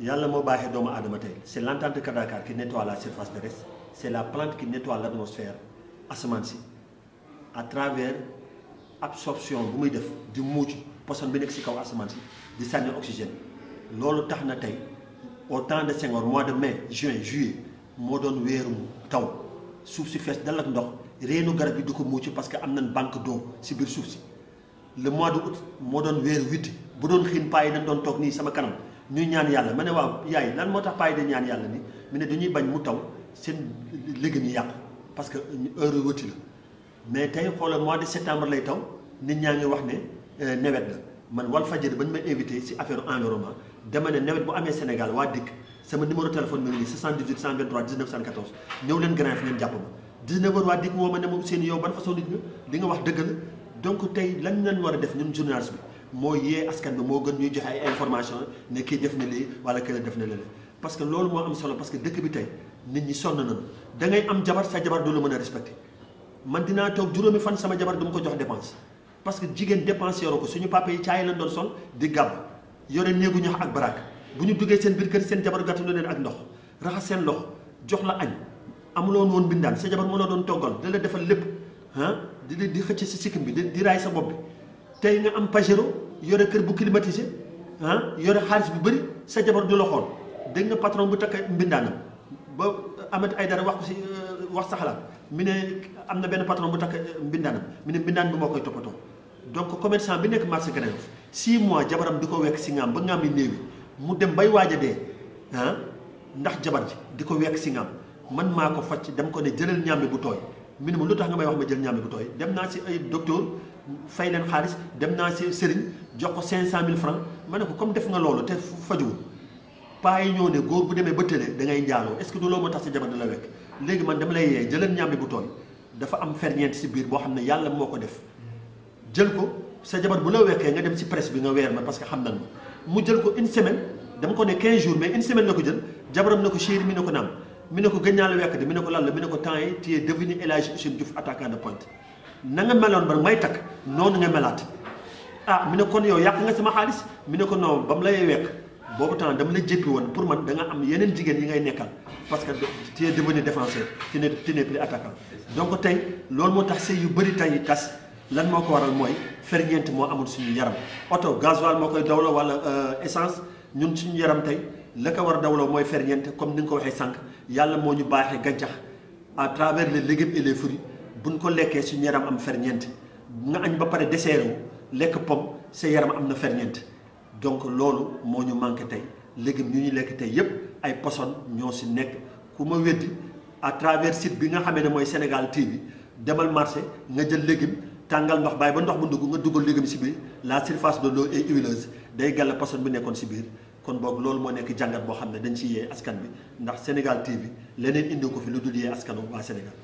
yàlla moo baaxee doomu aadama tey c' est l' entente qui nettoie la surface terrestre c'est la plante qui nettoie à ce moment-ci à travers absorption du mouche def di muuc poison bi nekk si kaw asamaan si di sànni oxygène loolu tax na au temps de Senghor mois de mai juin juillet moo doon weeru taw suuf si fees dal ak ndox rien garab garde du ko muuc parce que am nañ banque d'eau si biir suuf le mois de août moo doon weeru witt bu doon xiin paa yi dañ doon toog nii sama kanam ñuy ñaan yàlla ma ne yaay lan moo de ñaan yàlla ni mu dañuy bañ mu taw parce que heure la mais tey mois de septembre lay taw nit ñaa wax ne euh, nawet la man wal ma si affaire environnement ne bu Sénégal waa dikk sama numéro téléphone mi 78 123 19 ñëw leen ngeen jàpp 19 heures waa dikk ma ne yow ban nit nga wax donc lañ def ñun moo yee askan bi moo gën ñuy joxe ay information ne kii def na lii wala kële def na lële parce que loolu moo am solo parce que dëkk bi tey nit ñi sonn nañu da ngay am jabar sa jabar du la mën a respecte man dinaa toog juróomi fan sama jabar du ko jox dépense parce que jigéen dépense yoro ko suñu papa yi caay lañ doon sol di gàbb yore néegu ñax ak baraak bu ñu duggee seen biir kër seen jabar gàttalu leen ak ndox raxas seen loxo jox la añ amuloon woon bindaan sa jabar mënoo doon toggal da la defal lépp ah di di xëcc si sikkim bi di raay sa bopp bi tey nga am pagero yore kër bu climatisé ah yore xaalis bu bëri sa jabar du la xool dégg nga patron bu takk mbindaanam ba ay dara wax ko si euh, wax sa xalaat mi ne am na benn patron bu takk euh, mbindaanam mi ne mbindaan bi moo koy toppatoo donc commerçant bi nekk marché Grand Yoff six mois jabaram di ko wekk si ngaam ba ngaam yi néewi mu dem bay waaja a dee ah, ndax jabar ji di ko wekk si ngaam man maa ko facc dama ko ne jëlal ñaambi bu tooy mu ne ma lu tax nga may wax ma jël ñaame bu tooy dem naa si ay docteur fay leen xaalis dem naa si sëriñ jox ko 500000 francs ma ne ko comme def nga loolu te fajuwul paa yi ñoo ne góor bu demee ba tële da ngay njaaloo est-ce que du loo ma tax sa jabar di la wekk léegi man dama lay yee jëlal ñaame bu tooy dafa am ferñeent si biir boo xam ne yàlla moo ko def jël ko sa jabar bu la wekkee nga dem si presse bi nga weer ma parce que xam nan ma mu jël ko une semaine dama ko ne 15 jours mais une semaine la ko jël jabaram na ko chéri mi ne ko naam mu ne ko gën naa la wekk de mi ne ko lan la mi ne ko temps yi tu es devenu El Hadji Ousseynou Diouf attaquant de pointe meloon ba may takk noonu nga melaat ah mu ne kon yow yàq nga sama xaalis mu ne ko non ba mu lay wekk boobu temps dama la jéppi woon pour man da nga am yeneen jigéen yi ngay nekkal parce que tu es devenu défenseur tu n'es tu n'es plus attaquant tey loolu moo tax si yu bëri tey tas lan moo ko waral mooy ferñeent moo amul suñu yaram oto gasoil moo koy dawloo wala euh, essence ñun suñu yaram tey la ko war a dawloo mooy ferñeent comme ni nga ko waxee sànq yalla moñu ñu baaxee à travers les légumes et les fruits buñ ko lekkee ci yaram am ferñeent nga añ ba paré dessert wu lekk pomme sa yaram am na ferñeent donc lolu moñu manké tay légumes ñu ñu lekk tay yépp ay poson ñoo si nekk kuma ma à travers site bi nga xamé né moy Sénégal TV demal marché nga jël légumes tangal ndox bay ba ndox bu ndugg nga duggal légumes ci bi la surface de l'eau est huileuse day gal poson bu nekkoon ci biir kon boog loolu moo nekk jàngat boo xam ne dañ ci yee askan bi ndax Sénégal TV leneen indi ko fi lu dul yee askanu waa Sénégal.